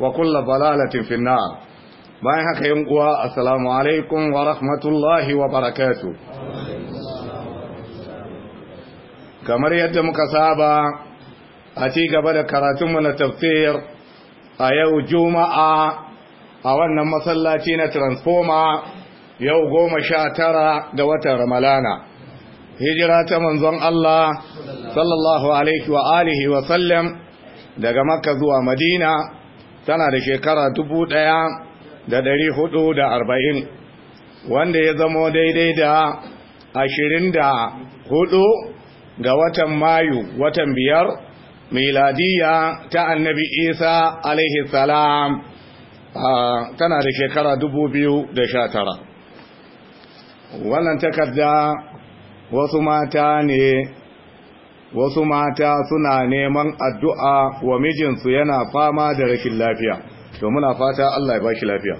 wa kulla balalatin finnar bayan haka yin uwa assalamu alaikum wa rahmatullahi wa barakatu kamar yadda muka saba a ci gaba da karatunmu na tafsir a yau juma'a a wannan masallaci na transformer yau goma sha tara da watan ramalana hijira ta manzon Allah sallallahu alaihi wa alihi wa sallam daga makka zuwa madina tana da shekara dubu ɗaya da ɗari hudu da arba'in wanda ya zamo daidai da ashirin da hudu ga watan mayu watan biyar miladiya ta annabi isa alaihi salam tana da shekara dubu biyu da sha tara wannan takarda wasu mata ne wasu mata suna neman addu'a wa mijinsu yana fama da rashin lafiya to muna fata Allah ya baki lafiya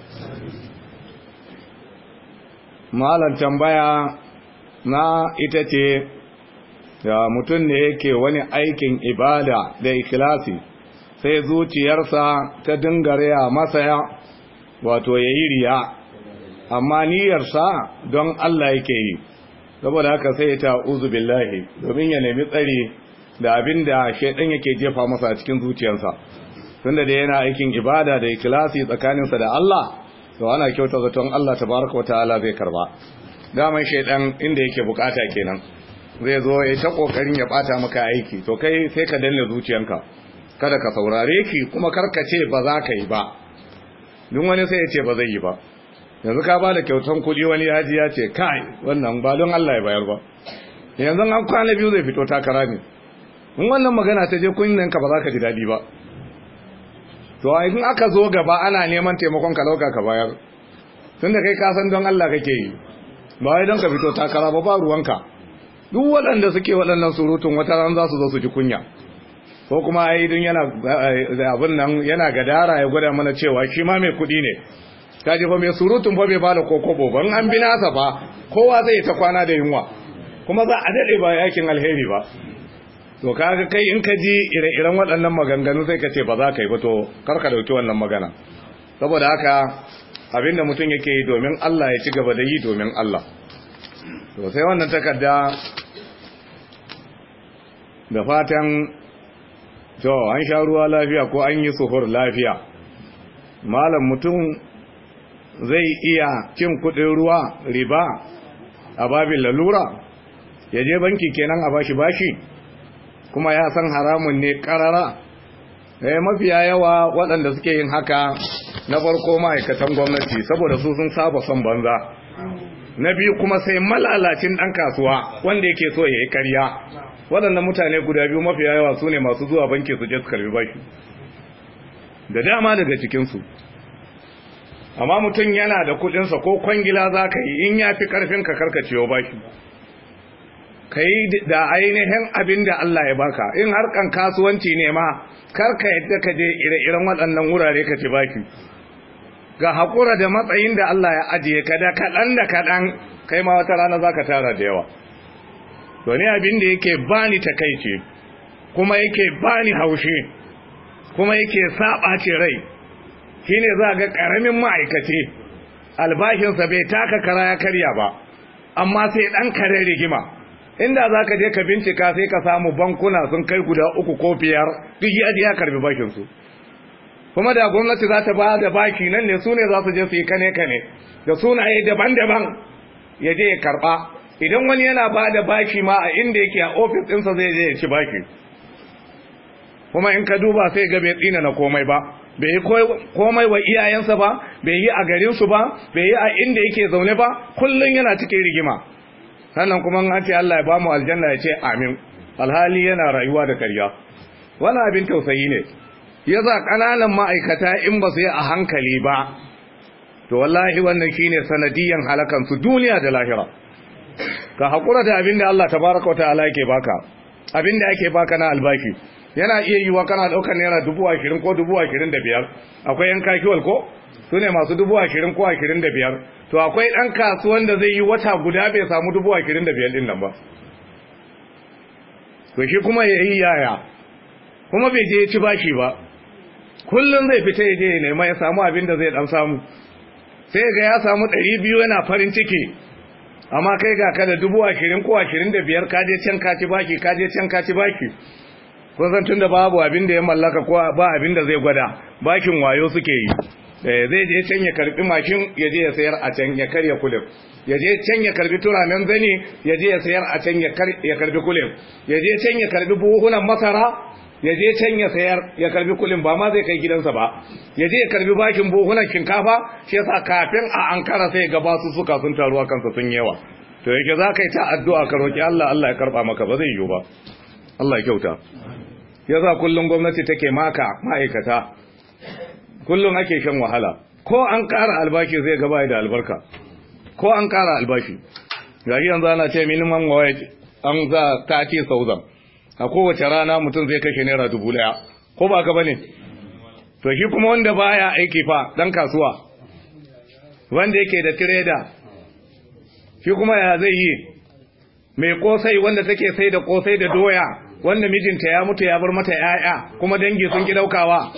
malam tambaya na ita ce da mutum ne yake wani aikin ibada da ikilasi sai zuciyarsa ta dingare masaya wato ya yi riya amma niyarsa don Allah yake yi saboda haka sai ya ta'uzu billahi domin ya nemi tsari da abin da shaidan yake jefa masa a cikin zuciyarsa tunda da yana aikin ibada da ikhlasi tsakaninsa da Allah to ana kyauta zaton Allah tabaraka wa ta'ala zai karba daman shaidan inda yake bukata kenan zai zo ya ta kokarin ya bata maka aiki to kai sai ka danne zuciyanka kada ka saurare ki kuma karkace ba za ka yi ba duk wani sai ya ce ba zai yi ba yanzu ka ba da kyautan kuɗi wani yaji ya ce kai wannan ba don Allah ya bayar ba yanzu an kwana biyu zai fito takara ne in wannan magana ta je nan ka ba za ka ji daɗi ba to idan aka zo gaba ana neman taimakon ka dauka ka bayar da kai ka san don Allah kake yi ba wai don ka fito takara ba ba ruwanka duk waɗanda suke waɗannan surutun wata ran za su zo su ji kunya ko kuma ai dun yana abin nan yana gadara ya gwada mana cewa shi ma mai kuɗi ne kaji fa mai surutun fa mai bada kokobo ba an bi nasa ba kowa zai yi ta kwana da yunwa kuma za a dade ba yakin alheri ba to kaga kai in ka ji ire-iren waɗannan maganganu sai ka ce ba za ka yi ba to karka dauki wannan magana saboda haka abinda mutum yake yi domin Allah ya ci gaba da yi domin Allah to sai wannan takarda da fatan to an sha ruwa lafiya ko an yi suhur lafiya malam mutum zai iya cin kudin ruwa riba a babin lalura ya je banki kenan a bashi bashi kuma ya san haramun ne karara eh mafiya yawa waɗanda suke yin haka na farko ma'aikatan gwamnati saboda su sun saba son banza na biyu kuma sai malalacin ɗan kasuwa wanda yake so ya yi karya waɗanda mutane guda biyu mafiya yawa su ne masu zuwa banki su je su karbi bashi da dama daga cikinsu amma mutum yana da kudinsa ko kwangila za ka yi in ya fi karfin ka ba baki ka yi da ainihin abin da Allah ya baka in harkan kasuwanci ne ma karka yadda ka je ire-iren waɗannan wurare ka ci baki ga haƙura da matsayin da Allah ya ajiye ka da kaɗan da kaɗan kai ma wata rana za ka tara da yawa to abin da yake bani takaici kuma yake bani haushi kuma yake saɓa ce rai shine za ga karamin ma'aikaci albashinsa bai taka kara ya karya ba amma sai ɗan kare rigima inda za ka je ka bincika sai ka samu bankuna sun kai guda uku ko biyar duk ya karbi bakinsu kuma da gwamnati za ta ba da baki nan ne su ne za su je su yi kane-kane da sunaye daban-daban ya je ya karɓa idan wani yana ba da baki ma a inda yake a ofis ɗinsa zai je ya ci baki kuma in ka duba sai ga bai tsina na komai ba bai yi komai wa iyayensa ba bai yi a garinsu ba bai yi a inda yake zaune ba kullum yana cikin rigima sannan kuma an ce Allah ya ba mu aljanna ya ce amin alhali yana rayuwa da karya wani abin tausayi ne ya za ƙananan ma'aikata in ba su yi a hankali ba to wallahi wannan shine sanadiyan halakansu duniya da lahira ka haƙura da abin da Allah tabaraka wa ta'ala yake baka abin da ake baka na albashi yana iya wa kana daukar naira dubu ashirin ko dubu ashirin da biyar akwai yan kakiwal ko su ne masu dubu ashirin ko ashirin da biyar to akwai ɗan kasuwan da zai yi wata guda bai samu dubu ashirin da biyar ɗin nan ba to shi kuma ya yi yaya kuma bai je ya ci bashi ba kullum zai fita ya je ya nema ya samu abin da zai ɗan samu sai ga ya samu ɗari biyu yana farin ciki amma kai ga ka da dubu ashirin ko ashirin da biyar ka je can ka ci baki ka je can ka ci baki kun san tunda babu abin da ya mallaka ko ba abin da zai gwada bakin wayo suke yi eh, zai je can ya karbi makin ya je ya sayar a can ya karya kulin ya je can ya karbi turanen zani ya je ya sayar a can ya karbi kulin ya je can ya karbi buhunan masara ya je can ya sayar ya karbi kulin ba ma zai kai gidansa ba ya je ya karbi bakin buhunan shinkafa shi yasa kafin a ankara sai ga basu suka sun taruwa kansa sun yawa to yake za ka yi ta addu'a ka roki Allah Allah ya karba maka ba zai yiwu ba Allah ya kyauta ya sa kullum gwamnati take maka ma'aikata kullum ake shan wahala ko an ƙara albashi zai gaba da albarka ko an ƙara albashi shi yanzu ana ce minimum wage an za ta ce sauzan a kowace rana mutum zai kashe naira dubu ɗaya. ko ba ka bane to shi kuma wanda baya aiki fa dan kasuwa wanda yake da tireda shi kuma ya zai yi mai kosai wanda take sai da kosai da doya wanda mijinta ya mutu ya bar mata yaya kuma dangi sun ki daukawa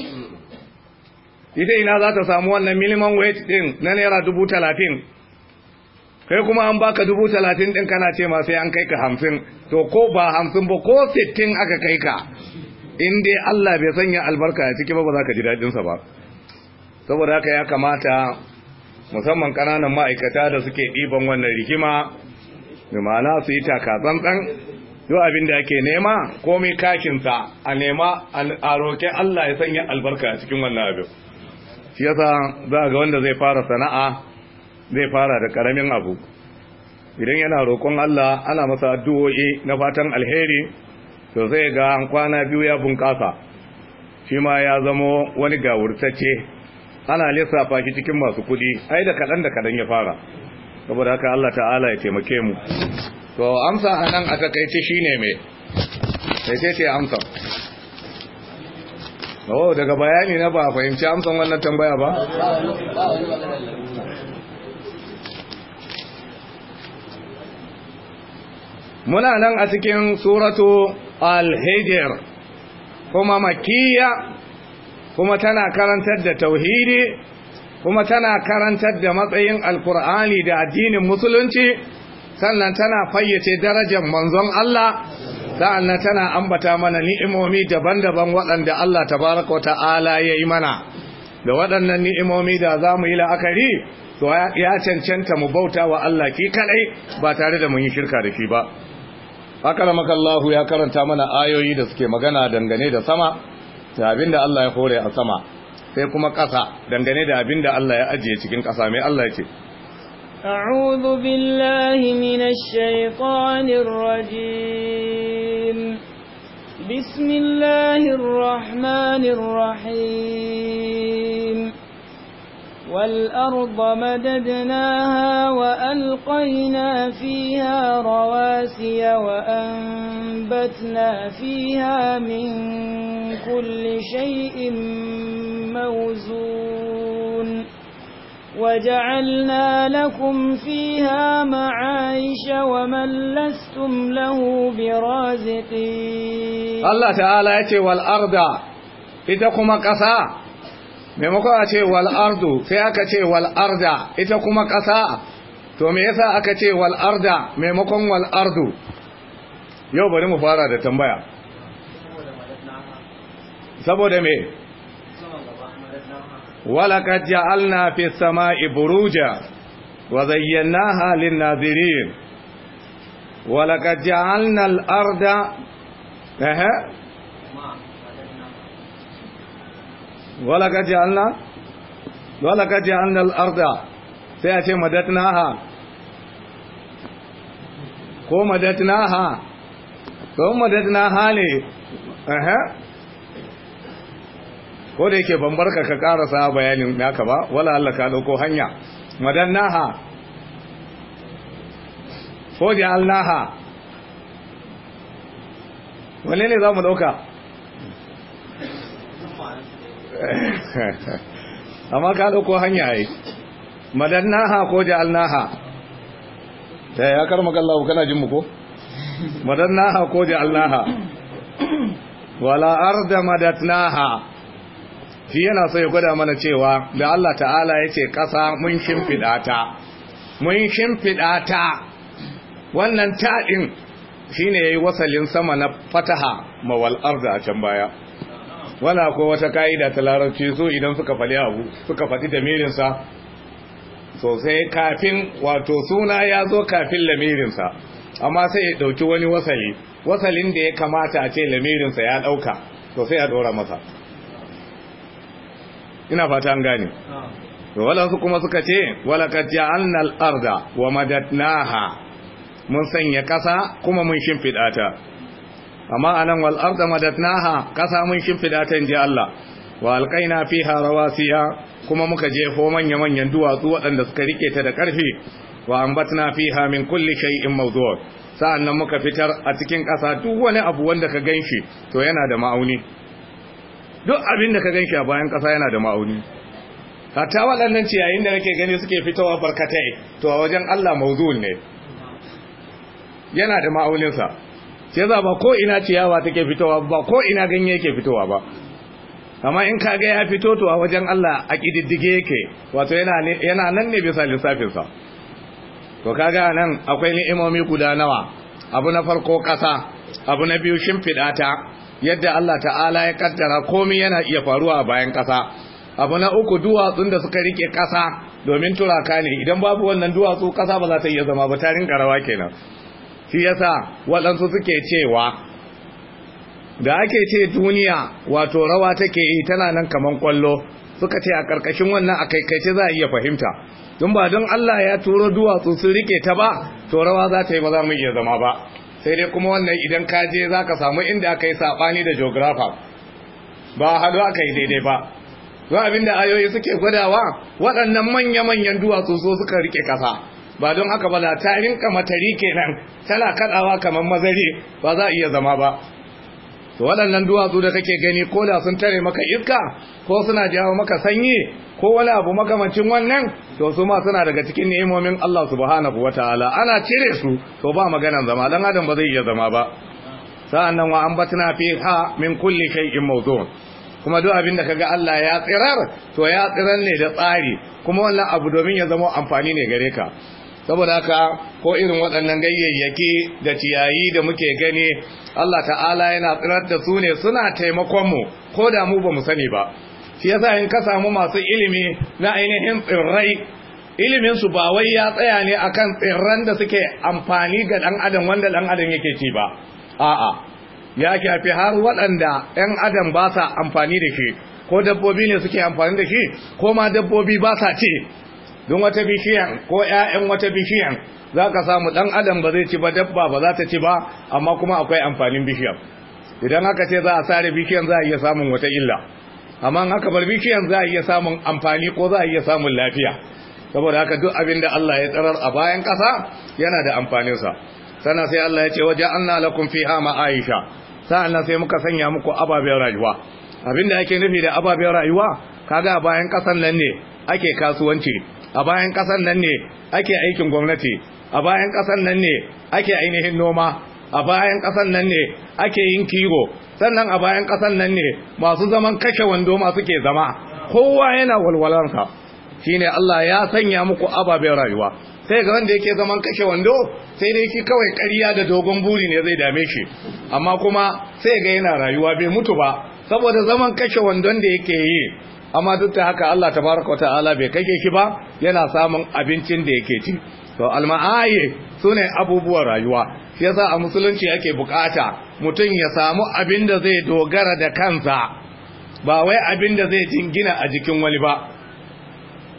ita ina za ta samu wannan minimum wage din na naira dubu talatin kai kuma an baka dubu talatin din kana ce masu sai an kai ka hamsin to ko ba hamsin ba ko sittin aka kai ka in dai Allah bai sanya albarka ya ciki ba ba za ka ji sa ba saboda haka ya kamata musamman kananan ma'aikata da suke ɗiban wannan rigima da ma'ana su yi taka tsantsan yau abin da ake nema komai kakinsa a nema a roƙe Allah ya sanya albarka cikin wannan abin shi yasa za ga wanda zai fara sana'a zai fara da karamin abu idan yana roƙon Allah ana masa addu'o'i na fatan alheri to zai ga an kwana biyu ya bunƙasa shi ma ya zamo wani gawurtacce ana lissafa shi cikin masu kuɗi ai da kaɗan da kaɗan ya fara saboda haka Allah ta'ala ya taimake mu to amsa anan a takaice shine me sai sai ce amsa oh daga bayani na ba fahimci amsan wannan tambaya ba muna nan a cikin suratu al-hijr kuma makiya kuma tana karantar da tauhidi kuma tana karantar da matsayin alkur'ani da addinin musulunci sannan tana fayyace darajar manzon Allah sa'annan tana ambata mana ni'imomi daban-daban waɗanda Allah tabaraka wa ta'ala ya yi mana da waɗannan ni'imomi da za mu yi la'akari to ya cancanta mu bauta wa Allah ki kaɗai ba tare da mun yi shirka da shi ba akaramaka Allah ya karanta mana ayoyi da suke magana dangane da sama da abinda Allah ya hore a sama sai kuma ƙasa dangane da abin da Allah ya ajiye cikin ƙasa mai Allah ce. A'udhu billahi minash shaitanir rajim. Bismillahir rahmanir rahim. والأرض مددناها وألقينا فيها رواسي وأنبتنا فيها من كل شيء موزون وجعلنا لكم فيها معايش ومن لستم له برازقين الله تعالى يتي والأرض إذا كما قصى maimakon a ce wal sai aka ce wal'arda ita kuma ƙasa to me yasa aka ce wal'arda maimakon wal'adu? yau bari mu fara da tambaya saboda me walaqad ja'alna fi sama'i buruja wa zayyanaha lin nazirin walaqad ja'alna al arda wala ka ja'alna wala ka ja'alna arda sai a ce madatnaha ko madatnaha ko madatnaha ne eh ko da yake ban barka ka karasa bayanin naka ba wala Allah ka dauko hanya madannaha ko ja'alnaha wanne ne za mu dauka amma ka dauko hanya ai madannaha ko ja'alnaha ta ya karma kallahu kana jin mu ko madannaha ko ja'alnaha wala arda madatnaha shi yana so ya gwada mana cewa da Allah ta'ala yace kasa mun shimfida ta mun shimfida ta wannan ta'in shine yayi wasalin sama na fataha mawal arda a can baya Wala ko wata ka'ida ta larabci so idan suka faɗi abu suka faɗi damirinsa sosai kafin wato suna ya zo kafin lamirinsa amma sai ya ɗauki wani wasali wasalin da ya kamata a ce lamirinsa ya ɗauka to sai a ɗora masa ina fata an gane su kuma suka ce ka ja'alna annal arda wa madatnaha mun sanya ƙasa kuma mun shimfida ta amma anan wal arda madatnaha kasa mun shimfida ta ji Allah wa alqaina fiha rawasiya kuma muka jefo manya manyan duwatsu waɗanda suka rike ta da ƙarfi wa ambatna fiha min kulli shay'in mawdu' sa'annan muka fitar a cikin ƙasa duk wani abu wanda ka ganshi to yana da ma'auni duk abin da ka ganshi a bayan ƙasa yana da ma'auni hatta waɗannan ciyayin da nake gani suke fitowa barkatai to a wajen Allah mawdu' ne yana da ma'auninsa sai za ba ko ina ciyawa take fitowa ba ko ina ganye yake fitowa ba amma in kaga ya fito to a wajen Allah a kididdige yake wato yana yana nan ne bisa lissafinsa. to kaga nan akwai ni'imomi guda nawa abu na farko kasa abu na biyu shimfiɗa ta yadda Allah ta'ala ya kaddara komai yana iya faruwa bayan kasa abu na uku duwatsun da suka rike kasa domin turaka ne idan babu wannan duwatsu kasa ba za ta iya zama ba tarin karawa kenan shi yasa waɗansu suke cewa da ake ce duniya wato rawa take yi tana nan kaman kwallo suka ce a ƙarƙashin wannan a kaikaice za a iya fahimta tun ba don Allah ya turo duwatsu sun rike ta ba to rawa za ta yi ba za mu iya zama ba sai dai kuma wannan idan ka je za ka samu inda aka yi saɓani da geographer ba haɗu aka yi daidai ba za abin da ayoyi suke gwadawa waɗannan manya-manyan duwatsu so suka rike ƙasa ba don haka ba da ta rinka matari kenan tana kadawa kamar mazari ba za a iya zama ba to waɗannan duwatsu da kake gani ko da sun tare maka iska ko suna jawo maka sanyi ko wani abu makamancin wannan to su ma suna daga cikin ni'imomin Allah subhanahu wataala ana cire su to ba maganan zama dan adam ba zai iya zama ba sa'annan wa ambatna fiha min kulli shay'in mawdu'un kuma duk abin da kaga Allah ya tsirar to ya tsirar ne da tsari kuma wannan abu domin ya zama amfani ne gare ka saboda haka ko irin waɗannan gayyayyaki da ciyayi da muke gani Allah ta'ala yana tsirar da su ne suna taimakonmu ko da mu ba mu sani ba shi yasa in ka samu masu ilimi na ainihin tsirrai Iliminsu ba wai ya tsaya ne akan tsirran da suke amfani ga dan adam wanda dan adam yake ci ba a'a ya shafi har waɗanda 'yan adam ba sa amfani da shi ko dabbobi ne suke amfani da shi ko ma dabbobi ba sa ce don wata bishiyan ko ƴaƴan wata bishiyan za ka samu ɗan adam ba zai ci ba dabba ba za ta ci ba amma kuma akwai amfanin bishiyan idan haka ce za a sare bishiyan za a iya samun wata illa amma haka bar bishiyan za a iya samun amfani ko za a iya samun lafiya saboda haka duk abin da Allah ya tsarar a bayan kasa yana da amfanin sa sana sai Allah ya ce waje an na lakun fi hama aisha sa'annan sai muka sanya muku ababen rayuwa abin da ake nufi da ababen rayuwa kaga a bayan kasan nan ne ake kasuwanci a bayan ƙasar nan ne ake aikin gwamnati a bayan ƙasar nan ne ake ainihin noma a bayan ƙasar nan ne ake yin kiwo sannan a bayan ƙasar nan ne masu zaman kashe wando masu ke zama kowa yana walwalansa shine Allah ya sanya muku ababen rayuwa sai ga wanda yake zaman kashe wando sai dai shi kawai ƙarya da dogon buri ne zai dame shi amma kuma sai ga yana rayuwa bai mutu ba saboda zaman kashe wandon da yake yi amma duk da haka Allah tabaraka ta'ala bai kake ki ba yana samun abincin da yake ci to alma'aye sune abubuwan rayuwa shi yasa a musulunci ake bukata mutum ya samu abin da zai dogara da kansa ba wai abin da zai jingina a jikin wani ba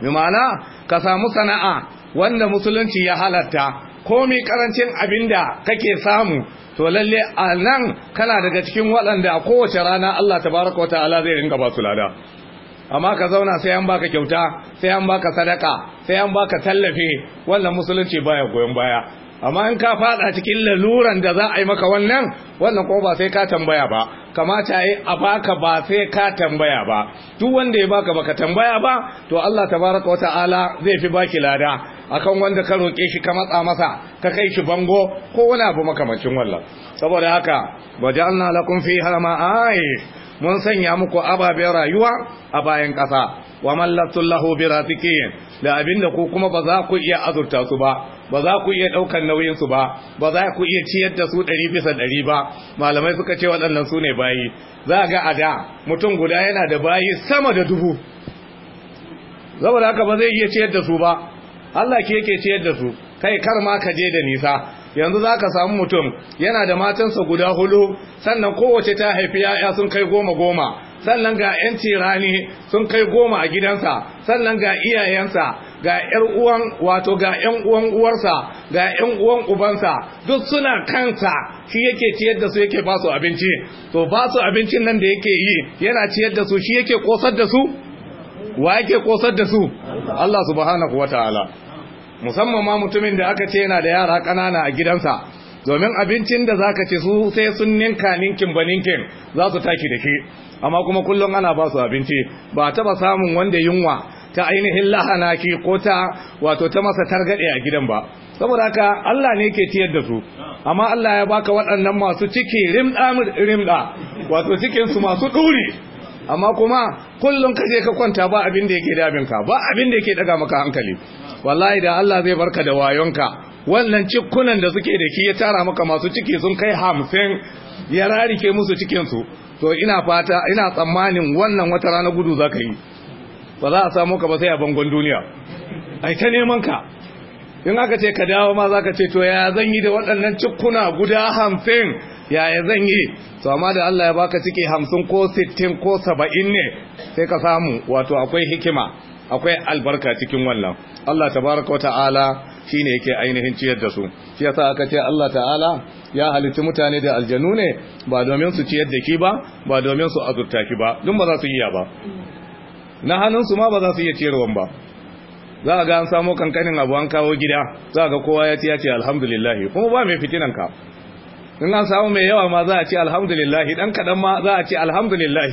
bi ma'ana ka samu sana'a wanda musulunci ya halatta komi karancin abin da kake samu to lalle a nan kana daga cikin waɗanda kowace rana Allah tabaraka wa zai ringa ba su lada amma ka zauna sai an baka kyauta sai an baka sadaka sai an baka tallafe wannan musulunci baya goyon baya amma in ka fada cikin laluran da za a yi maka wannan wannan ko ba sai ka tambaya ba kamata yi a baka ba sai ka tambaya ba duk wanda ya baka baka tambaya ba to Allah tabaraka wa ta'ala zai fi baki lada akan wanda ka roke shi ka matsa masa ka kai shi bango ko wani abu makamancin wallah saboda haka waja'alna lakum fiha ma'ayis mun sanya muku ababen rayuwa a bayan ƙasa wa mallatun lahu ratikin da abinda ku kuma ba za ku iya azurta su ba ba za ku iya ɗaukar nauyin su ba ba za ku iya ciyar da su ɗari bisa ɗari ba malamai suka ce waɗannan su ne bayi za ga a da mutum guda yana da bayi sama da dubu saboda haka ba zai iya ciyar da su ba Allah ke yake ciyar da su kai kar ma ka je da nisa yanzu za ka samu mutum yana da matansa guda hulu sannan kowace ta haifi ya'ya sun kai goma goma sannan ga 'yanci rani sun kai goma a gidansa sannan ga iyayensa ga ‘yar uwan wato ga ‘yan uwan uwarsa ga ‘yan uwan ubansa duk suna kansa shi yake ciyar da su yake ba su abinci to ba su abincin nan da yake yi yana ciyar da su shi yake kosar da su wa yake kosar da su Allah subhanahu wa ta'ala musamman ma mutumin da aka ce yana da yara kanana a gidansa domin abincin da zaka ci su sai sun ninka ninkin ba ninkin za su taki da ke amma kuma kullum ana ba su abinci ba taba samun wanda yunwa ta ainihin lahana ki ko ta wato ta masa targade a gidan ba saboda haka Allah ne ke ciyar da su amma Allah ya baka waɗannan masu ciki rimda rimda wato cikin su masu ɗuri amma kuma kullum ka kaje ka kwanta ba abin da yake ka, ba abin da yake daga maka hankali wallahi da Allah zai barka da wayonka wannan cikunan da suke da ke ya tara maka masu ciki sun kai hamsin ya rarike musu cikinsu to ina fata ina tsammanin wannan wata rana gudu za ka yi ba za a samu ka ba sai a bangon duniya ai ta neman ka in aka ce ka dawo ma za ka ce to ya zan yi da waɗannan cikuna guda hamsin yaya zan yi to amma da Allah ya baka ciki hamsin ko sittin ko saba'in ne sai ka samu wato akwai hikima akwai albarka cikin wannan Allah tabaraka wata'ala shine yake ainihin ciyar da su shi yasa aka ce Allah ta'ala ya halitta mutane da aljanu ne ba domin su ciyar da ki ba ba domin su azurta ki ba dun ba za su iya ba na hannun su ma ba za su iya ciyarwan ba za a ga an samo kankanin abu an kawo gida za a ga kowa ya ci ya ce alhamdulillah kuma ba mai fitinan ka in an samu mai yawa ma za a ce alhamdulillah dan kadan ma za a ce alhamdulillah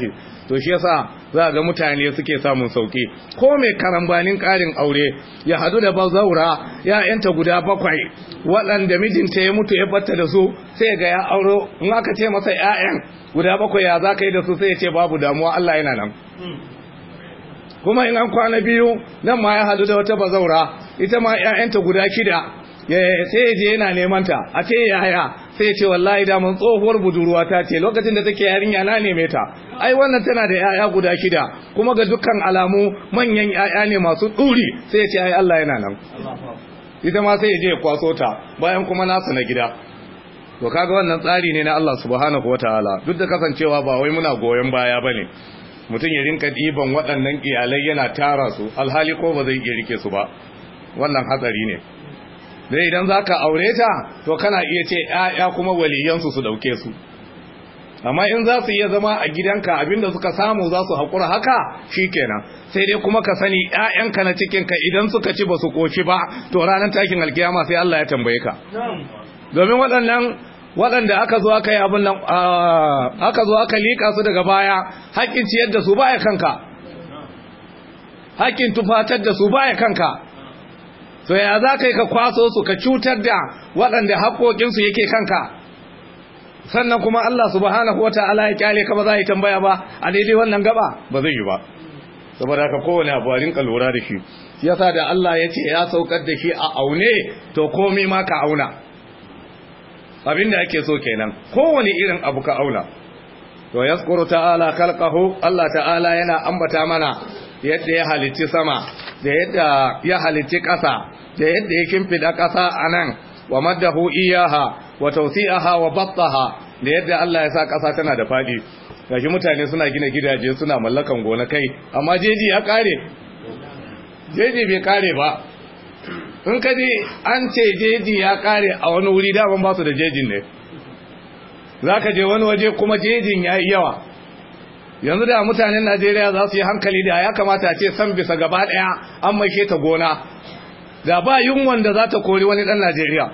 to shi yasa za ga mutane suke samun sauki ko mai karambanin karin aure ya hadu da bazaura ya yanta guda bakwai waɗanda mijinta ya mutu ya batta da su sai ga ya auro in aka ce masa 'ya'yan guda bakwai ya za ka yi da su sai ya ce babu damuwa Allah yana nan kuma in an kwana biyu nan ma ya hadu da wata bazaura ita ma ƴaƴanta guda shida sai ya je yana neman ta a ce yaya sai ce wallahi da mun tsohuwar budurwa ta ce lokacin da take yarinya na neme ta ai wannan tana da yaya guda shida kuma ga dukkan alamu manyan yaya ne masu duri sai ce ai Allah yana nan ita ma sai ya je kwaso ta bayan kuma nasu na gida to kaga wannan tsari ne na Allah subhanahu wataala duk da kasancewa ba wai muna goyon baya bane mutum ya rinka ɗiban waɗannan iyalai yana tara su alhali ko ba zai iya rike su ba wannan hatsari ne da idan zaka aure ta to kana iya ce yaya kuma waliyansu su dauke su amma in za su iya zama a gidanka abinda suka samu za su haƙura haka shi kenan sai dai kuma ka sani ‘ya'yanka na cikinka idan suka ci ba su ƙoci ba to ranar takin alkiyama sai Allah ya tambaye ka domin waɗannan waɗanda aka zo aka yi abin nan ah, aka zo aka liƙa su daga baya haƙƙin ciyar da su baya kanka haƙƙin tufatar da su baya kanka to ya za ka yi ka kwaso su ka cutar da waɗanda haƙoƙinsu yake kanka sannan kuma Allah subhanahu wa ta'ala ya kyale ka ba za a yi tambaya ba a daidai wannan gaba ba zai yi ba saboda ka kowane abu a rinka lura da shi yasa da Allah ya ce ya saukar da shi a aune to komai ma ka auna abin da ake so kenan kowane irin abu ka auna to yaskuru ta'ala kalkahu Allah ta'ala yana ambata mana yadda ya halitti sama da yadda ya halitti ƙasa da yadda ya kimfida ƙasa a nan wa maddahu iyaha wa tawsi'aha wa battaha da yadda Allah ya sa ƙasa tana da faɗi gashi mutane suna gina gidaje suna mallakan gonakai amma jeji ya kare jeji bai kare ba in ka ji an ce jeji ya kare a wani wuri da ba su da jejin ne za ka je wani waje kuma jejin ya yi yawa yanzu da mutanen najeriya za su yi hankali da ya kamata a ce san bisa gaba ɗaya an maishe ta gona da ba yunwan da za ta kori wani ɗan najeriya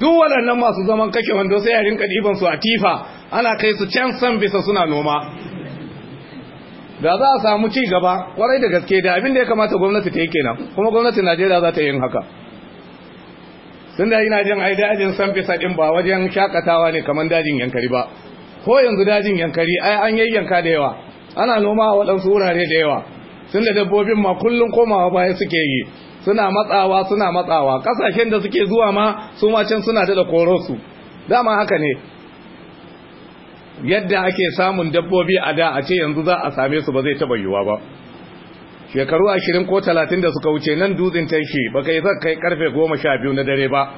duk waɗannan masu zaman kake wando sai a rinka ɗiban su a tifa ana kai su can san bisa suna noma da za a samu ci gaba kwarai da gaske da abin da ya kamata gwamnati ta yi kenan kuma gwamnati najeriya za ta yi haka tun da ina jin ai dajin san bisa ɗin ba wajen shakatawa ne kamar dajin yankari ba ko yanzu dajin yankari ai an yanka da yawa ana noma a waɗansu wurare da yawa tun da dabbobin ma kullum komawa baya suke yi suna matsawa suna matsawa kasashen da suke zuwa ma su ma can suna da korosu dama haka ne yadda ake samun dabbobi a da a ce yanzu za a same su ba zai taba yiwuwa ba shekaru ashirin ko talatin da suka wuce nan dutsen tanshi ba kai zan kai karfe goma sha biyu na dare ba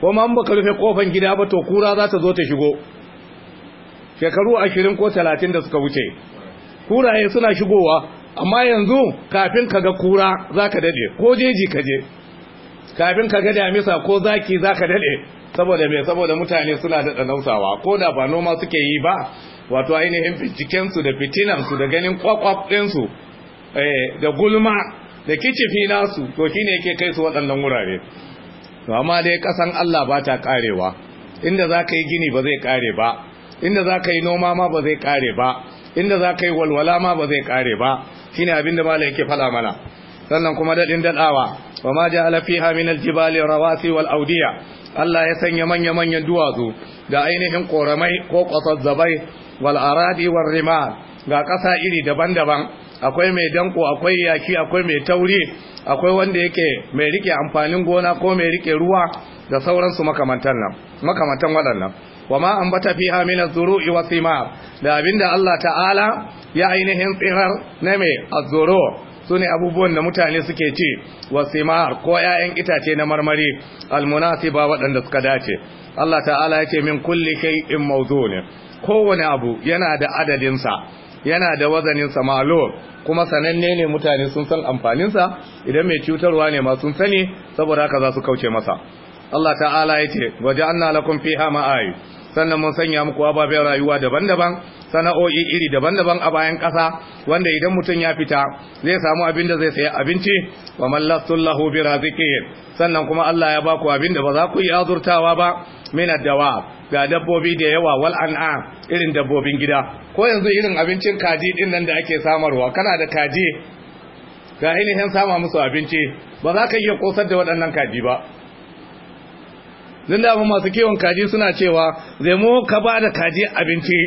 kuma an baka rufe kofan gida ba to kura za ta zo ta shigo shekaru ashirin ko talatin da suka wuce kuraye suna shigowa amma yanzu kafin ka ga kura za ka daɗe ko jeji ka je kafin ka ga damisa ko zaki za ka daɗe saboda mai saboda mutane suna da nausawa ko da ba noma suke yi ba wato ainihin bincikensu da fitinansu da ganin kwakwaf eh, da gulma da kicifi nasu to shine yake kai su waɗannan wurare to amma dai ƙasan Allah ba ta ƙarewa inda za ka yi gini ba zai ƙare ba inda za ka yi noma ma ba zai ƙare ba inda za ka yi walwala ma ba zai kare ba shine abin da malai yake fada mana sannan kuma daɗin daɗawa. wa ma ala fiha min al rawasi wal audiya Allah ya sanya manya manyan duwatsu da ainihin koramai ko kwasazzabai wal aradi wal rimal ga ƙasa iri daban-daban akwai mai danko akwai yaki akwai mai tauri akwai wanda yake mai rike amfanin gona ko mai rike ruwa da sauransu makamantan nan makamantan waɗannan wa ma ambata fiha min az-zuru'i wa thimar da abinda Allah ta'ala ya ainihin tsirar na mai, az-zuru sune abubuwan da mutane suke ci wa thimar ko 'ya'yan itace na marmari al-munasiba waɗanda suka dace Allah ta'ala yace min kulli shay'in ne. kowane abu yana da adadinsa yana da wazaninsa malo kuma sananne ne mutane sun san amfaninsa idan mai cutarwa ne ma sun sani saboda haka za su kauce masa Allah ta'ala ya ce waje an na lakon sannan mun sanya muku ababen rayuwa daban-daban sana'o'i iri daban-daban a bayan ƙasa wanda idan mutum ya fita zai samu abin da zai saya abinci wa mallastul lahu bi sannan kuma Allah ya baku abin da ba za ku yi azurtawa ba min dawa ga dabbobi da yawa wal an'a irin dabbobin gida ko yanzu irin abincin kaji din nan da ake samarwa kana da kaji ga ainihin sama musu abinci ba za ka iya kosar da waɗannan kaji ba don da masu kewan kaji suna cewa mu ka ba da kaji abinci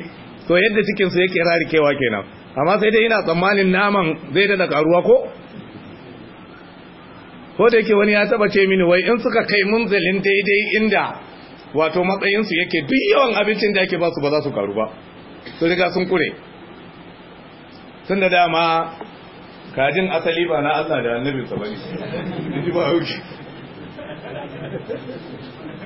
to yadda su yake kewa kenan amma sai dai ina tsammanin naman zai da karuwa ko ko da yake wani ya taba ce mini wai in suka kai mun zalin daidai inda wato matsayinsu yake duk yawan abincin da ake ba su ba za su karu ba to riga sun kure tun da dama kajin asali ba na Allah da annabi ba ba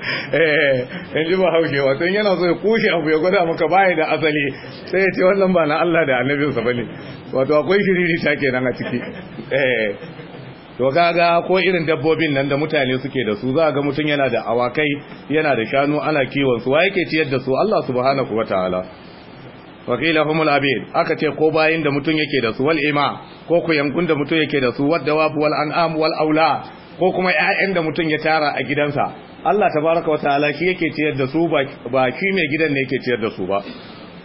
eh in ji ba haushe wato yana so ya kushe abu ya gwada maka baya da asali sai ya ce wannan ba na Allah da annabinsa bane wato akwai shiriri ta kenan a ciki eh to kaga ko irin dabbobin nan da mutane suke da su za ga mutum yana da awakai yana da shanu ana kiwon su wa yake ciyar da su Allah subhanahu wataala wakila humul abid aka ce ko bayin da mutum yake da su wal ima ko ku yankun da mutum yake da su wadda wabu wal an'am wal aula ko kuma ƴaƴan da mutum ya tara a gidansa Allah baraka wa ta'ala shi yake ciyar da su ba shi mai gidan ne yake ciyar da su ba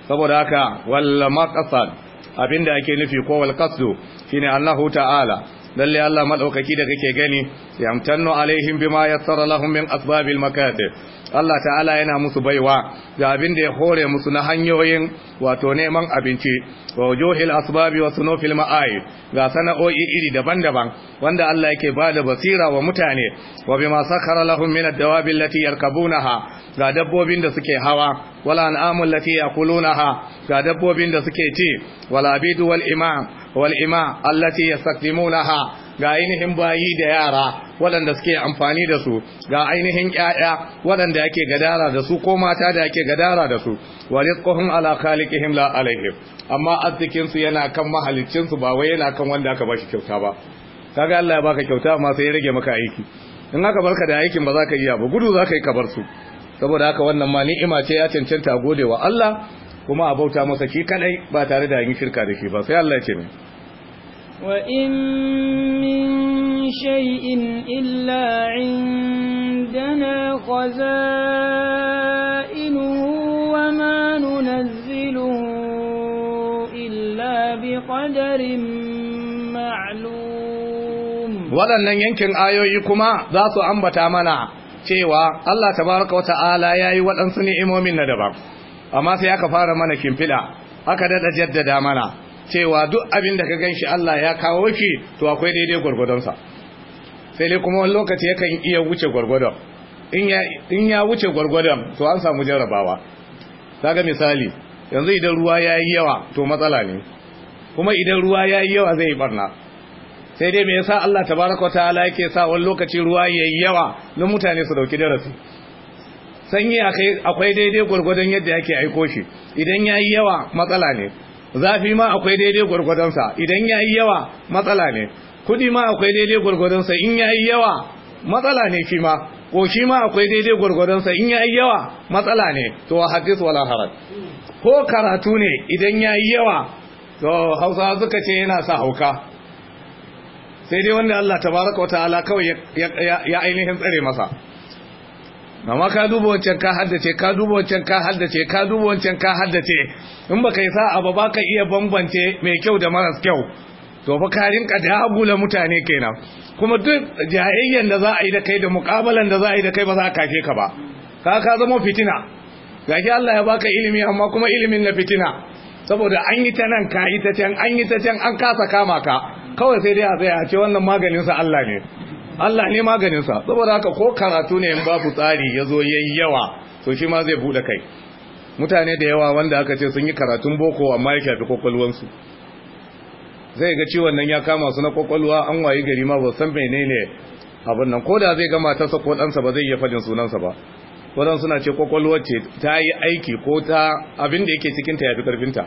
saboda haka walla maqsad abinda ake nufi ko wal qasdu shine Allahu ta'ala lalle Allah madaukaki da kake gani yamtannu alaihim bima yassara lahum min asbabil makatib Allah ta'ala yana musu baiwa ga abin da ya hore musu na hanyoyin wato neman abinci wa wujuhil asbabi wa sunufil ma'ay ga sana'o'i iri daban-daban wanda Allah yake bada basira wa mutane wa bima sakhara lahum min ad-dawabi allati yarkabunaha ga dabbobin da suke hawa wala an'am allati yaqulunaha ga dabbobin da suke ci wala abidu wal imam wal ima allati yastaqdimunaha ga ainihin bayi da yara waɗanda suke amfani da su ga ainihin ƴaƴa waɗanda yake gadara da su ko mata da yake gadara da su wa rizquhum ala khaliqihim la amma arzikin yana kan mahalicin ba wai yana kan wanda aka bashi kyauta ba ga Allah ya baka kyauta amma sai ya rage maka aiki in aka barka da aikin ba za ka iya ba gudu za ka yi kabar su saboda haka wannan ma ni'ima ce ya cancanta gode wa Allah kuma a bauta masa shi kadai ba tare da yin shirka da shi ba sai Allah ya ce mai وإن من شيء إلا عندنا خزائنه وما ننزله إلا بقدر معلوم ولن ينكن آيوكما ذات cewa Allah tabaraka wa ta'ala yayi waɗansu ni'imomin na daban amma sai aka fara mana kimfila aka daɗa jaddada mana cewa duk abin da ka gan shi Allah ya kawo shi to akwai daidai gwargwadonsa sai dai kuma wani lokaci yakan iya wuce gwargwadon in ya wuce gwargwadon to an samu Ta ga misali yanzu idan ruwa ya yi yawa to matsala ne kuma idan ruwa ya yi yawa zai yi barna sai dai me yasa Allah tabaraka wa ta'ala yake sa wani lokaci ruwa ya yi yawa na mutane su dauki darasi sanyi akwai daidai gwargwadon yadda yake aiko shi idan ya yi yawa matsala ne zafi ma akwai daidai gwargwadonsa idan ya yi yawa matsala ne kudi ma akwai daidai gwargwadonsa in ya yi yawa matsala ne shi ma shi ma akwai daidai gwargwadonsa in ya yi yawa matsala ne to a wala haraj ko karatu ne idan ya yi yawa to hausa suka ce yana sa hauka sai dai wanda Allah tabaraka wa ta'ala kawai ya ainihin tsare masa amma ka duba wancan ka haddace ka duba wancan ka haddace ka duba wancan ka haddace in baka yi sa'a ba baka iya bambance mai kyau da maras kyau to fa ka rinka dagula mutane kenan kuma duk jayayyen da za a yi da kai da muƙabalan da za a yi da kai ba za a kafe ka ba ka ka zama fitina gashi Allah ya baka ilimi amma kuma ilimin na fitina saboda an yi ta nan ka yi ta can an yi ta can an kasa kama ka kawai sai dai a tsaya a ce wannan maganin sa Allah ne Allah ne maganinsa saboda haka ko karatu ne in babu tsari ya zo yayi yawa to shi ma zai buɗe kai mutane da yawa wanda aka ce sun yi karatun boko amma ya shafi kwakwalwansu zai ga ciwon nan ya kama su na kwakwalwa an wayi gari ma ba san ne abin nan ko da zai ga matarsa ko ɗansa ba zai iya faɗin sunansa ba waɗansu suna ce kwakwalwar ce ta yi aiki ko ta abin da yake cikinta ya fi ƙarfinta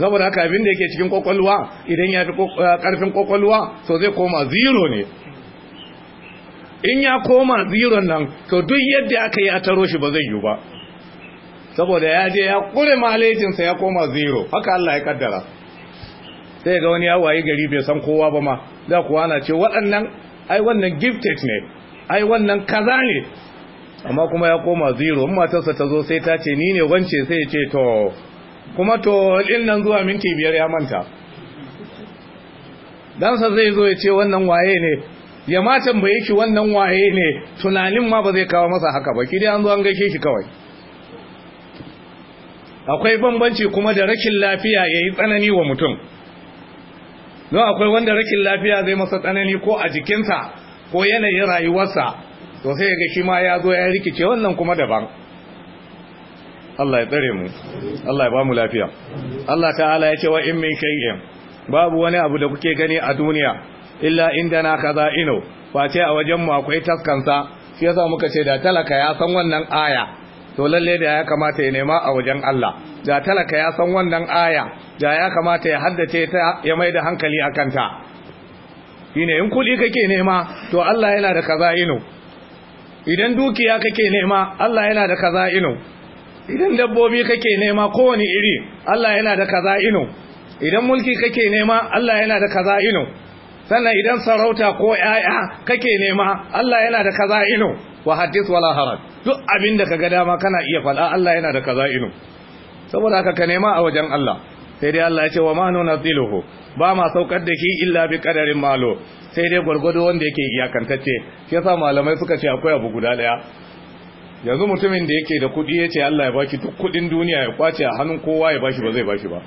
saboda haka abin da yake cikin kwakwalwa idan ya fi karfin eh, kwakwalwa to zai koma zero ne in ya koma zero nan to duk yadda aka yi a taro shi ba zai yi ba saboda ya je ya kure malejinsa ya koma zero haka Allah ya kaddara sai ga wani ya wayi gari bai san kowa ba ma da kuwa na ce waɗannan ai wannan gifted ne ai wannan kaza ne amma kuma ya koma zero in matarsa ta zo sai ta ce ni ne wance sai ya ce to kuma to din nan zuwa minti biyar ya manta dansa zai zo ya ce wannan waye ne ya ma tambaye ki wannan waye ne tunanin ma ba zai kawo masa haka ba ki dai an zo an gaishe shi kawai akwai bambanci kuma da rakin lafiya ya yi tsanani wa mutum don akwai wanda rakin lafiya zai masa tsanani ko a jikinsa ko yanayin rayuwarsa to sai ga shi ma ya zo ya rikice wannan kuma daban Allah ya tsare mu Allah ya ba mu lafiya Allah ta'ala ya ce wa in min shay'in babu wani abu da kuke gani a duniya illa inda na kaza ino face a wajen mu akwai taskansa shi yasa muka ce da talaka ya san wannan aya to lalle da ya kamata ya nema a wajen Allah da talaka ya san wannan aya da ya kamata ya haddace ta ya mai da hankali a kanta shine in kudi kake nema to Allah yana da kaza ino idan dukiya kake nema Allah yana da kaza ino idan dabbobi kake nema kowane iri Allah yana da kaza ino idan mulki kake nema Allah yana da kaza ino sannan idan sarauta ko 'ya'ya kake nema Allah yana da kaza ino wa hadith wala haraj duk abin da kaga dama kana iya faɗa Allah yana da kaza ino saboda haka ka nema a wajen Allah sai dai Allah ya ce wa ma nunziluhu ba ma saukar da shi illa bi qadarin malo sai dai gurgudu wanda yake iyakantacce shi yasa malamai suka ce akwai abu guda daya yanzu mutumin da yake da kudi yace Allah ya baki duk kudin duniya ya kwace a hannun kowa ya bashi ba zai bashi ba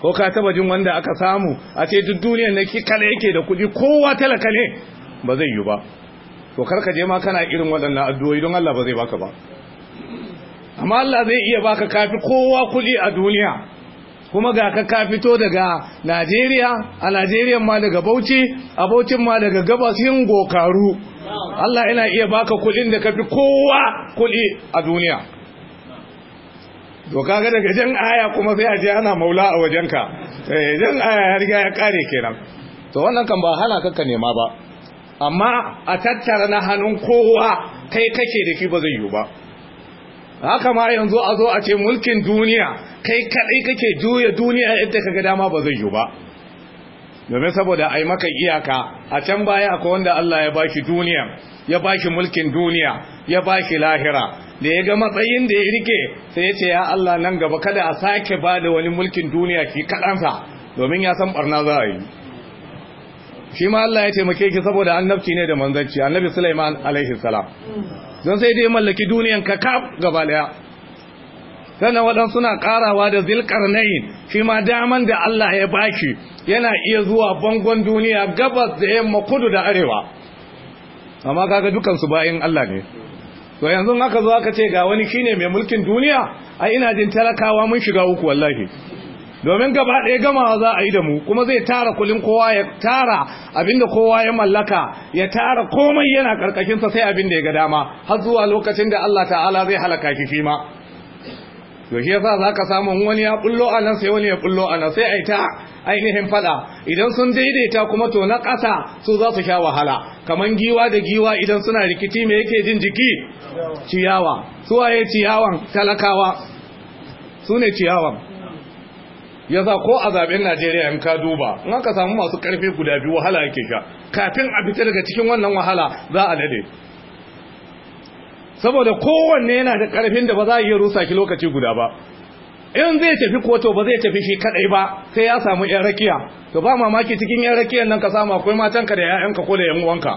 ko ka taba jin wanda aka samu a ce duk duniyar na ki kala yake da kudi kowa talaka ne ba zai yi ba to karka je ma kana irin waɗannan addu'o'i don Allah ba zai baka ba amma Allah zai iya baka kafi kowa kudi a duniya kuma ga ka ka fito daga Najeriya a Najeriya ma daga Bauchi a Bauchin ma daga Gabas, yin Gokaru Allah yana iya baka kuɗin da kafi kowa kuɗi a duniya to kaga daga jan aya kuma sai a je ana maula a wajenka sai eh, jan aya ya riga ya kare kenan to wannan kan ba hana ka nema ba amma a tattara na hannun kowa kai kake da shi ba zai yi ba haka ma yanzu a zo a ce mulkin duniya kai kaɗai kake juya duniya yadda ga dama ba zai yi ba domin saboda yi maka iyaka a can baya akwai wanda Allah ya bashi duniya ya bashi mulkin duniya ya bashi lahira da ya ga matsayin da ya rike sai ya ce ya Allah nan gaba kada a sake ba da wani mulkin duniya ki kadansa domin ya san barna za a yi shi ma Allah ya taimake ki saboda annabci ne da manzanci annabi Sulaiman alaihi salam hmm. don sai dai mallaki duniyan ka kaf gaba daya sannan waɗansu suna ƙarawa da zilƙarnayin shi ma daman da Allah ya bashi yana iya zuwa bangon duniya gabas da yamma kudu da arewa amma kaga dukansu bayan Allah ne to yanzu haka zo aka ce ga wani shine mai mulkin duniya A ina jin talakawa mun shiga uku wallahi domin gaba ɗaya gamawa za a yi da mu kuma zai tara kulin kowa ya tara abinda kowa ya mallaka ya tara komai yana karkashinsa sai abinda ya ga dama har zuwa lokacin da Allah ta'ala zai halaka shi shi ma to shi yasa zaka samu wani ya bullo a nan sai wani ya bullo a nan sai ai ta ainihin fada idan sun daidaita kuma to na ƙasa su za su sha wahala kaman giwa da giwa idan suna rikici me yake jin jiki ciyawa Su waye ciyawan talakawa su ne ciyawan yasa ko a zaben Najeriya in ka duba in aka samu masu karfi guda biyu wahala yake sha kafin a fita daga cikin wannan wahala za a dade saboda kowanne yana da karfin da ba za a iya rusa ki lokaci guda ba in zai tafi koto ba zai tafi shi kadai ba sai ya samu yan rakiya to ba mamaki cikin yan rakiyan nan ka samu akwai matanka da ƴaƴanka ko da 'yan uwanka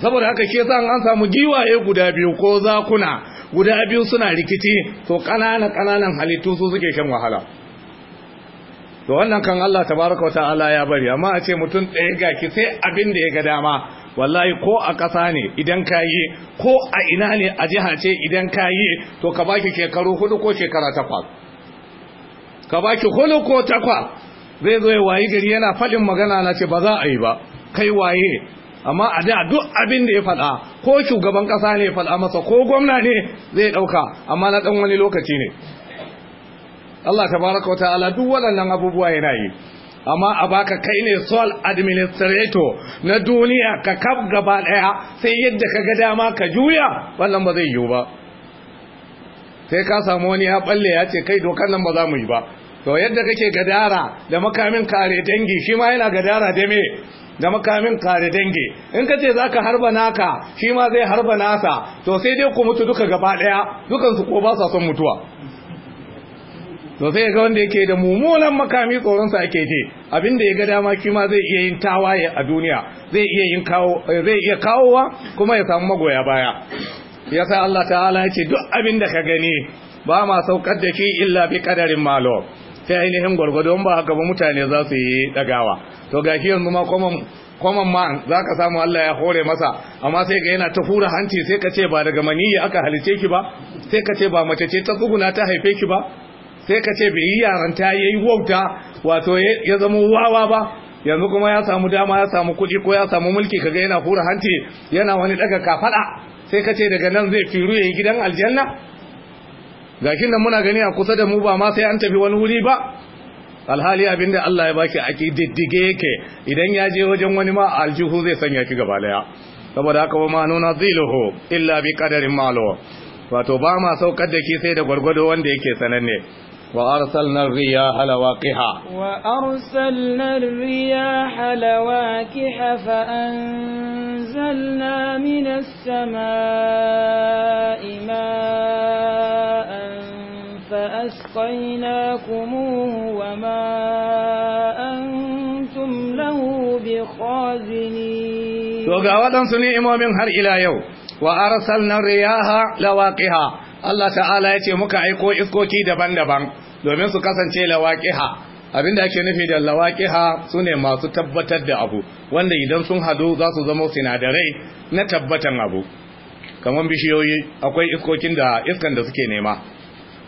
saboda haka ke sa an samu giwaye guda biyu ko zakuna guda biyu suna rikici to ƙananan ƙananan halittu su suke shan wahala to wannan kan Allah tabaraka wata'ala ya bari amma a ce mutum ɗaya ga ki sai abin da ya ga dama wallahi ko a ƙasa ne idan ka yi ko a ina ne a jiha ce idan ka yi to ka baki shekaru hudu ko shekara takwas ka baki hudu ko takwas zai zo ya wayi gari yana faɗin magana na ce ba za a yi ba kai waye amma a da duk abin da ya faɗa ko shugaban ƙasa ne faɗa masa ko gwamna ne zai ɗauka amma na ɗan wani lokaci ne Allah tabaraka wa ta'ala duk waɗannan abubuwa yana yi amma a baka kai ne sole administrator na duniya ka kaf gaba daya sai yadda ka ga dama ka juya wannan ba zai yiwu ba sai ka samu wani ya balle ya ce kai dokan nan ba za mu yi ba to yadda kake gadara da makamin kare dangi shi ma yana gadara da me da makamin kare dangi in ka ce za ka harba naka shi ma zai harba nasa to sai dai ku mutu duka gaba daya dukansu ko ba sa son mutuwa to sai ga wanda yake da mummunan makami tsoronsa ake je, abin da ya ga dama kima zai iya yin tawaye a duniya zai iya yin kawo zai iya kawowa kuma ya samu magoya baya Ya sa Allah ta'ala ya ce duk abin da ka gani ba ma saukar da shi illa bi kadarin malo sai ainihin gwargwadon ba haka ba mutane za su yi dagawa to shi yanzu ma man kwaman ma za ka samu Allah ya hore masa amma sai ga yana ta hura hanci sai ka ce ba daga maniyi aka halice ki ba sai ka ce ba mace ce ta tsuguna ta haife ki ba sai ka ce bai yi yaranta ya yi wauta wato ya zama wawa ba yanzu kuma ya samu dama ya samu kuɗi ko ya samu mulki kaga yana hura hanci yana wani daga kafaɗa sai ka ce daga nan zai firu ya yi gidan aljanna gashin nan muna gani a kusa da mu ba ma sai an tafi wani wuri ba alhali abinda Allah ya baki ake diddige yake idan ya je wajen wani ma aljihu zai sanya ki gaba daya saboda haka wa ma nuna ziluhu illa bi qadarin malo wato ba ma saukar da ke sai da gwargwado wanda yake sananne وأرسلنا الرياح لواقحة وأرسلنا الرياح لواقح فأنزلنا من السماء ماء فأسقيناكموه وما أنتم له بخازنين وقاوة سنئ مؤمن هر إلى يوم وأرسلنا الرياح لواقحة Allah ta'ala ya ce muka aiko iskoki daban-daban domin su kasance lawaqiha abinda ake nufi da lawaqiha sune masu tabbatar da abu wanda idan sun hadu za su zama sinadarai na tabbatan abu kamar bishiyoyi akwai iskokin da iskan da suke nema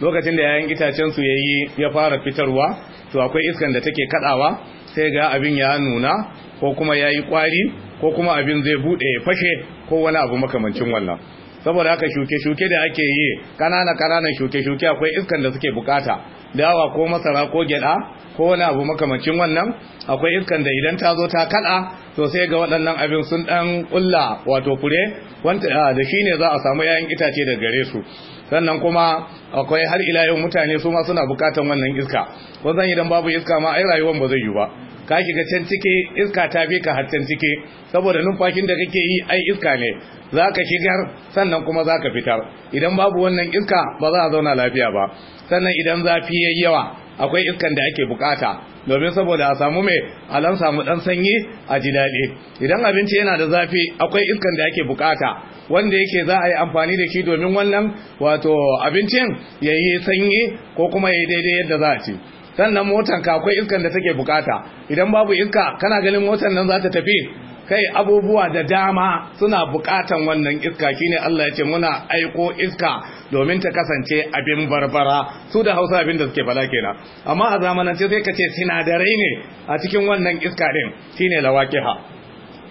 lokacin da yayin itacen su yayi ya fara fitarwa to akwai iskan da take kadawa sai ga abin ya nuna ko kuma yayi kwari ko kuma abin zai bude ya fashe ko wani abu makamancin wannan saboda haka shuke-shuke da ake yi kanana kanana shuke-shuke akwai iskan da suke bukata dawa ko masara ko gyada ko wani abu makamacin wannan akwai iskan da idan ta zo ta kada to sai ga waɗannan abin sun dan kulla wato fure wanda ah, da shine za a samu yayin itace da gare su sannan kuma akwai har ila yau mutane su ma suna bukatan wannan iska yi idan babu iska ma ai rayuwar ba zai yi ba ka shiga can cike iska ta fi ka har can cike saboda numfashin da kake yi ai iska ne zaka ka shigar sannan kuma zaka ka fitar idan babu wannan iska ba za a zauna lafiya ba sannan idan zafi ya yawa akwai iskan da ake bukata domin saboda a samu mai alan samu dan sanyi a ji daɗi idan abinci yana da zafi akwai iskan da ake bukata wanda yake za a yi amfani da shi domin wannan wato abincin ya yi sanyi ko kuma ya yi daidai yadda za a ci sannan motan ka akwai iskan da take bukata idan babu iska kana ganin motan nan za ta tafi kai abubuwa da dama suna bukatan wannan iska shine Allah ya ce muna aiko iska domin ta kasance abin barbara su da hausa abin da suke fada kenan amma a zamanance sai ka ce sinadarai ne a cikin wannan iska din shine lawakiha.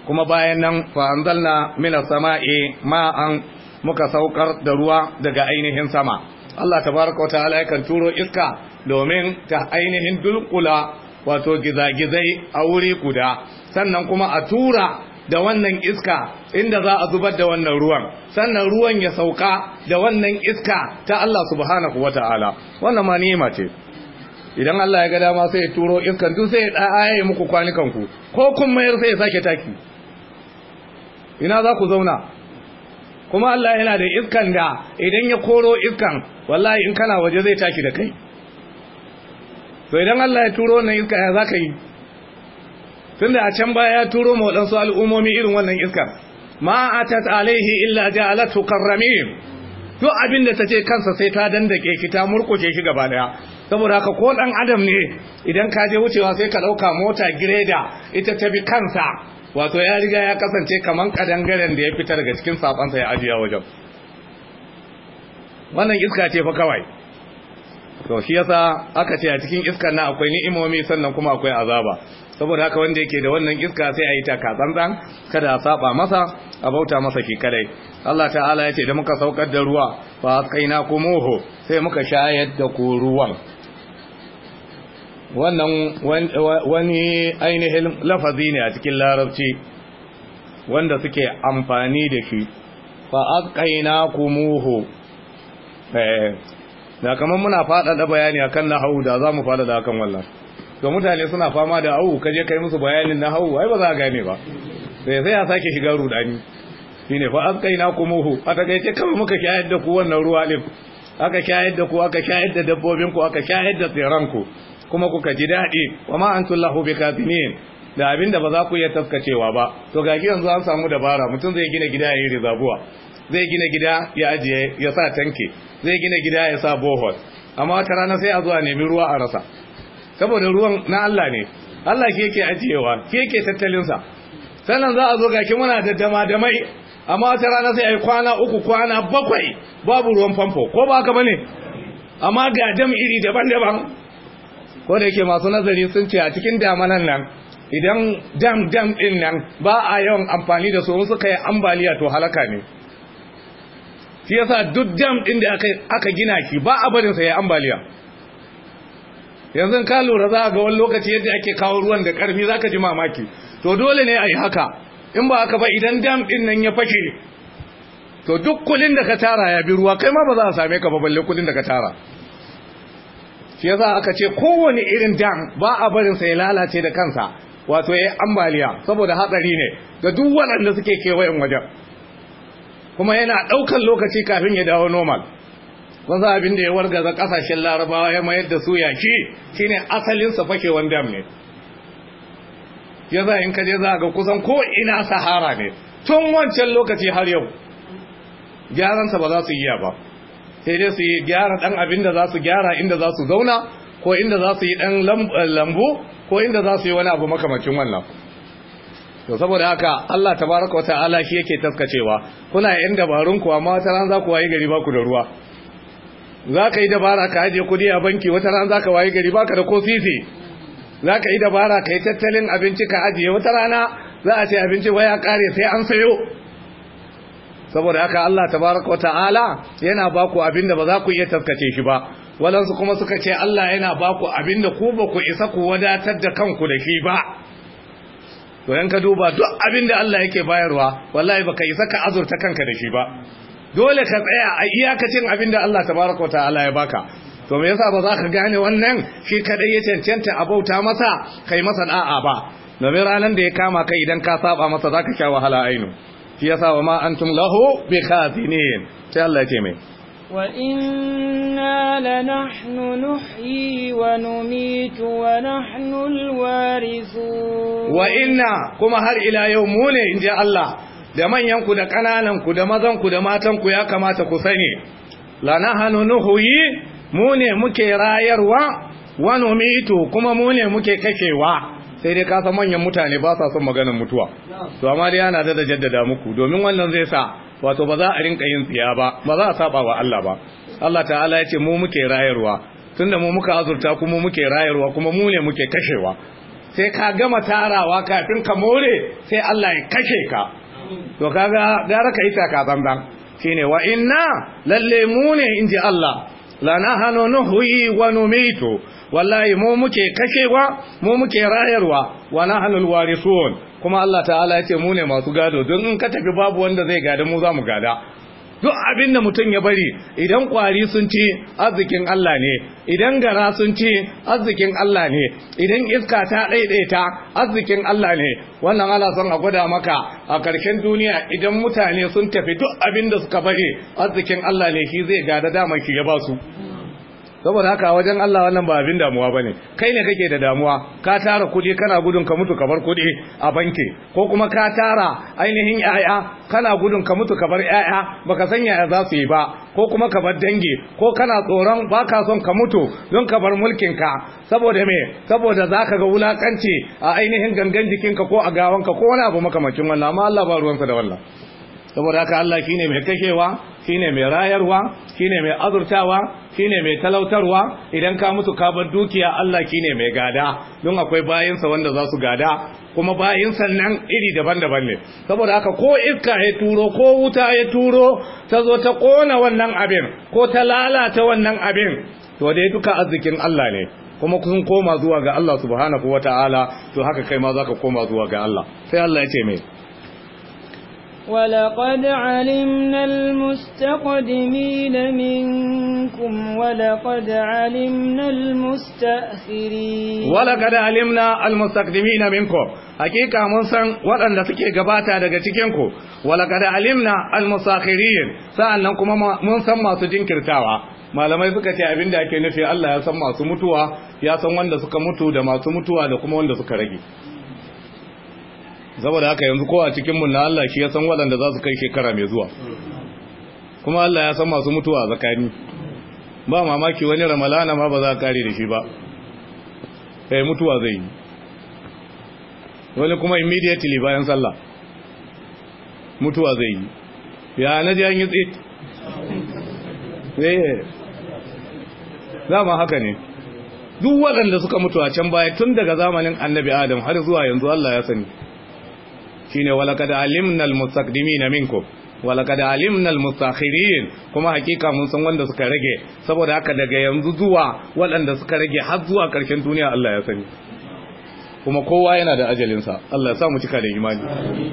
kuma bayan nan fa anzalna minas sama'i ma'an muka saukar da ruwa daga ainihin sama Allah tabaraka wa ta'ala yakan turo iska domin ta ainihin dulkula wato gizagizai a wuri guda sannan kuma a tura da wannan iska inda za a zubar da wannan ruwan sannan ruwan ya sauka da wannan iska ta Allah subhanahu wa ta'ala wannan ma ni'ima ce idan Allah ya ga dama sai ya turo iskan duk sai ya yi muku kwanukan ku ko kun mayar sai ya sake taki ina za ku zauna kuma Allah yana da iskan da idan ya koro iskan wallahi in kana waje zai taki da kai to idan Allah ya turo wannan iska ya zaka yi tunda a can baya ya turo ma wadansu al'ummomi irin wannan iska ma atat alaihi illa ja'alatu qarramin duk abin da ta ce kansa sai ta dandake shi ta murkuce shi gaba daya saboda haka ko dan adam ne idan ka je wucewa sai ka dauka mota gireda ita ta bi kansa wato ya riga ya kasance kaman kadangaren da ya fita daga cikin sa ya ajiya wajen wannan iska ce fa kawai to shi yasa aka ce a cikin iskar na akwai ni'imomi sannan kuma akwai azaba saboda haka wanda yake da wannan iska sai ayi yi taka tsantsan kada a saba masa a bauta masa ki kadai Allah ta'ala ya ce da muka saukar da ruwa fa ko kumuhu sai muka shayar da ku ruwan wannan wani ainihin lafazi ne a cikin larabci wanda suke amfani da shi fa'aƙaina kumuhu da eh, kamar muna faɗaɗa bayani a kan nahawu da za mu faɗaɗa kan wallan to mutane suna fama da awu kaje kai musu bayanin nahawu ai ba za a gane ba sai sai ya sake shiga rudani shi ne fa'aƙaina kumuhu a takaice kama muka shayar da ku wannan ruwa ɗin aka shayar da ku aka shayar da dabbobinku aka shayar da tsiranku kuma kuka ji daɗi wa ma antum lahu bikafinin da abin da ba za ku iya taskacewa ba to ga yanzu an samu dabara mutum zai gina gida ya yi rizabuwa zai gina gida ya ajiye ya sa tanki zai gina gida ya sa bohol amma wata rana sai a zuwa nemi ruwa a rasa saboda ruwan na Allah ne Allah ke yake ajiyewa ke yake tattalin sa sannan za a zo ga ki muna da dama da mai amma wata rana sai ai kwana uku kwana bakwai babu ruwan famfo ko ba haka bane amma ga dam iri daban-daban ko da yake masu nazari sun ce a cikin damanan nan idan dam dam din nan ba a yawan amfani da su wasu suka yi ambaliya to halaka ne shi yasa duk dam din da aka gina shi ba a barin sa ya ambaliya yanzu ka lura za ga wani lokaci yadda ake kawo ruwan da karfi zaka ji mamaki to dole ne a yi haka in ba haka ba idan dam din nan ya fashe to duk kulin da ka tara ya bi ruwa kai ma ba za a same ka ba balle kulin da ka tara shi yasa aka ce kowane irin dam ba a barin sa ya lalace da kansa wato yayi ambaliya saboda hatsari ne ga duk waɗanda suke kewayen wajen kuma yana ɗaukan lokaci kafin ya dawo normal kun san abin da ya wargaza ƙasashen larabawa ya mayar da su yaki shine asalin sa fakewan dam ne ya za in kaje za ga kusan ko ina sahara ne tun wancan lokaci har yau Gyaran sa ba za su yi ba sai dai su yi gyara dan abin da za su gyara inda za su zauna ko inda za su yi dan lambu ko inda za su yi wani abu makamacin wannan to saboda haka Allah tabaraka wata'ala shi yake taskacewa kuna yin dabarun ku amma wata ran za ku waye gari ba ku da ruwa za ka yi dabara ka aje kudi a banki wata ran za ka waye gari ba ka da ko sisi za ka yi dabara ka yi tattalin abinci ka ajiye wata rana za a ce abinci waya kare sai an sayo saboda haka Allah tabaraka wa ta'ala yana ba ku abin da ba za ku iya taskace shi ba walansu kuma suka ce Allah yana ba ku abin da ku ba ku isa ku wadatar da kanku da shi ba to yan ka duba duk abin da Allah yake bayarwa wallahi baka isa ka azurta kanka da shi ba dole ka tsaya a iyakacin abin da Allah tabaraka wa ta'ala ya baka to me yasa ba za ka gane wannan shi kadai ya cancanta a bauta masa kai masa da'a ba domin ranar da ya kama kai idan ka saba masa za ka sha wahala ainu shi yasa wa ma antum lahu bikhazinin sai Allah ya ce mai وإنا لنحن نحيي ونميت ونحن الوارثون وإنا كما هر إلى يومون إن جاء الله da manyanku da ƙanananku da mazanku da matanku ya kamata ku sani lanahanu nuhuyi mu ne muke rayarwa wa numitu kuma mu ne muke kashewa sai dai ka san manyan mutane ba sa son maganar mutuwa to amma dai yana da jaddada muku domin wannan zai sa wato ba za a rinka yin tsiya ba ba za a saba wa Allah ba Allah ta'ala ya ce mu muke rayarwa tunda mu muka azurta kuma muke rayarwa kuma mu ne muke kashewa sai ka gama tarawa kafin ka more sai Allah ya kashe ka to kaga gara ka ita ka zanzan shine wa inna lalle mu ne inji Allah la nahanu nuhi wa numitu wallahi mu muke kashewa mu muke rayarwa wa nahnul warithun kuma Allah ta'ala yace mu ne masu gado don in ka tafi babu wanda zai gada mu zamu gada duk abin da mutum ya bari idan kwari sun ci arzikin Allah ne idan gara sun ci arzikin Allah ne idan iska ta daidaita arzikin Allah ne wannan ana son a gwada maka a karshen duniya idan mutane sun tafi duk abin da suka bari arzikin Allah ne shi zai gada dama shi ya basu. saboda haka wajen Allah wannan ba abin damuwa bane kai ne kake da damuwa ka tara kudi kana gudun ka mutu kabar kudi a banki ko kuma ka tara ainihin yaya kana gudun ka mutu kabar yaya baka san yaya za su yi ba ko kuma ka bar dangi ko kana tsoron baka son ka mutu don ka bar mulkin ka saboda me saboda zaka ga wulakanci a ainihin gangan jikinka ko a gawanka ko wani abu makamancin wannan amma Allah ba ruwansa da wannan saboda haka Allah ne mai kashewa ne mai rayarwa ne mai azurtawa ne mai talautarwa idan ka mutu ka bar dukiya Allah ne mai gada don akwai bayinsa wanda za su gada kuma bayinsa nan iri daban-daban ne saboda haka ko iska ya turo ko wuta ya turo ta zo ta kona wannan abin ko ta lalata wannan abin to dai duka arzikin Allah ne kuma kun koma zuwa ga Allah subhanahu wataala to haka kai ma zaka koma zuwa ga Allah sai Allah ya ce mai ولقد علمنا المستقدمين منكم ولقد علمنا المستأخرين ولقد علمنا المستقدمين منكم حقيقة من سن ودن سكي غباتا daga cikin ku ولقد علمنا المستأخرين sa'annan kuma mun san masu jinkirtawa malamai suka ce abin da ake nufi Allah ya san masu mutuwa ya san wanda suka mutu da masu mutuwa da kuma wanda suka rage saboda haka yanzu kowa cikin mun na Allah shi ya san waɗanda za su kai shekara mai zuwa kuma Allah ya san masu mutuwa a zakani ba mamaki wani ramalana ma ba za a kare da shi ba eh mutuwa zai yi wani kuma immediately bayan sallah mutuwa zai yi ya na ji an yi tsit zama eh. haka ne duk waɗanda suka mutu a can baya tun daga zamanin annabi adam har zuwa yanzu Allah ya sani shine walaqad alimnal mustaqdimina minkum da alimnal mustakhirin kuma hakika mun san wanda suka rage saboda haka daga yanzu zuwa waɗanda suka rage har zuwa ƙarshen duniya Allah ya sani kuma kowa yana da ajalinsa Allah ya sa mu cika da imani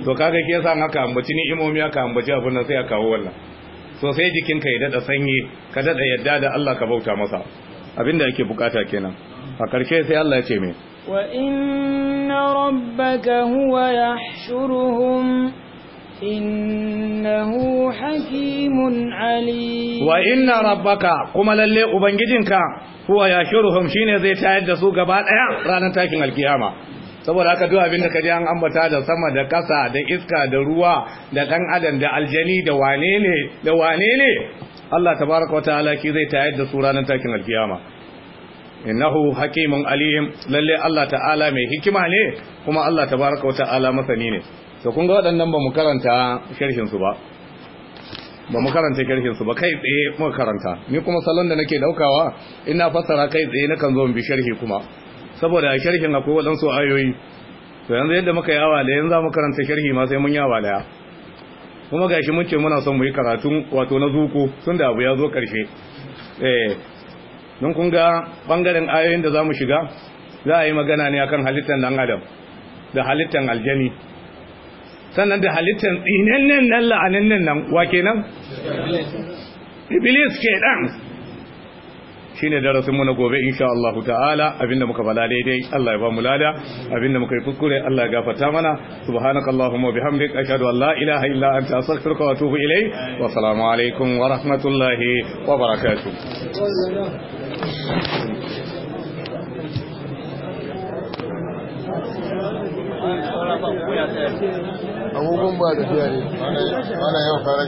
to kaga ke yasa haka ambaci ni imomi haka ambaci abin nan sai ya kawo wannan so sai ka ya dada sanyi ka dada yadda da Allah ka bauta masa abinda yake bukata kenan a karshe sai Allah ya ce mai وإن ربك هو يحشرهم إنه حكيم عليم وإن ربك كما للي أبنجدنك هو يحشرهم شين زي تعد gaba ɗaya ranar تاكين القيامة saboda haka duk abin da ka ji an ambata da sama da ƙasa da iska da ruwa da ɗan adam da aljani da wane ne da wane ne Allah tabaraka wa ta'ala ki zai tayar da su ranar takin alkiyama innahu hakimun alim lalle Allah ta'ala mai hikima ne kuma Allah tabaraka wa ta'ala masani ne to kun ga waɗannan ba mu karanta sharhin su ba ba mu karanta sharhin su ba kai tsaye mu karanta ni kuma salon da nake daukawa ina fassara kai tsaye nakan zo bi sharhi kuma saboda sharhin akwai wadansu ayoyi to yanzu yadda muka yawa da yanzu mu karanta sharhi ma sai mun yawa da kuma gashi mun ce muna son mu yi karatu wato na zuku tunda abu ya zo karshe eh don kun ga bangaren ayoyin da za mu shiga za a yi magana ne akan halittar dan adam da halittar aljani sannan da halittar tsinannen nan la'anannen nan wa kenan iblis ke dan ne darasin mu na gobe insha Allah ta'ala abinda muka bala daidai Allah ya ba mu lada abinda muka yi kuskure Allah ya gafarta mana subhanakallahumma bihamdik ashhadu an la ilaha illa anta astaghfiruka wa atubu ilayk wa assalamu alaikum wa rahmatullahi wa barakatuh agogon ba da fiya ne ana yawan fara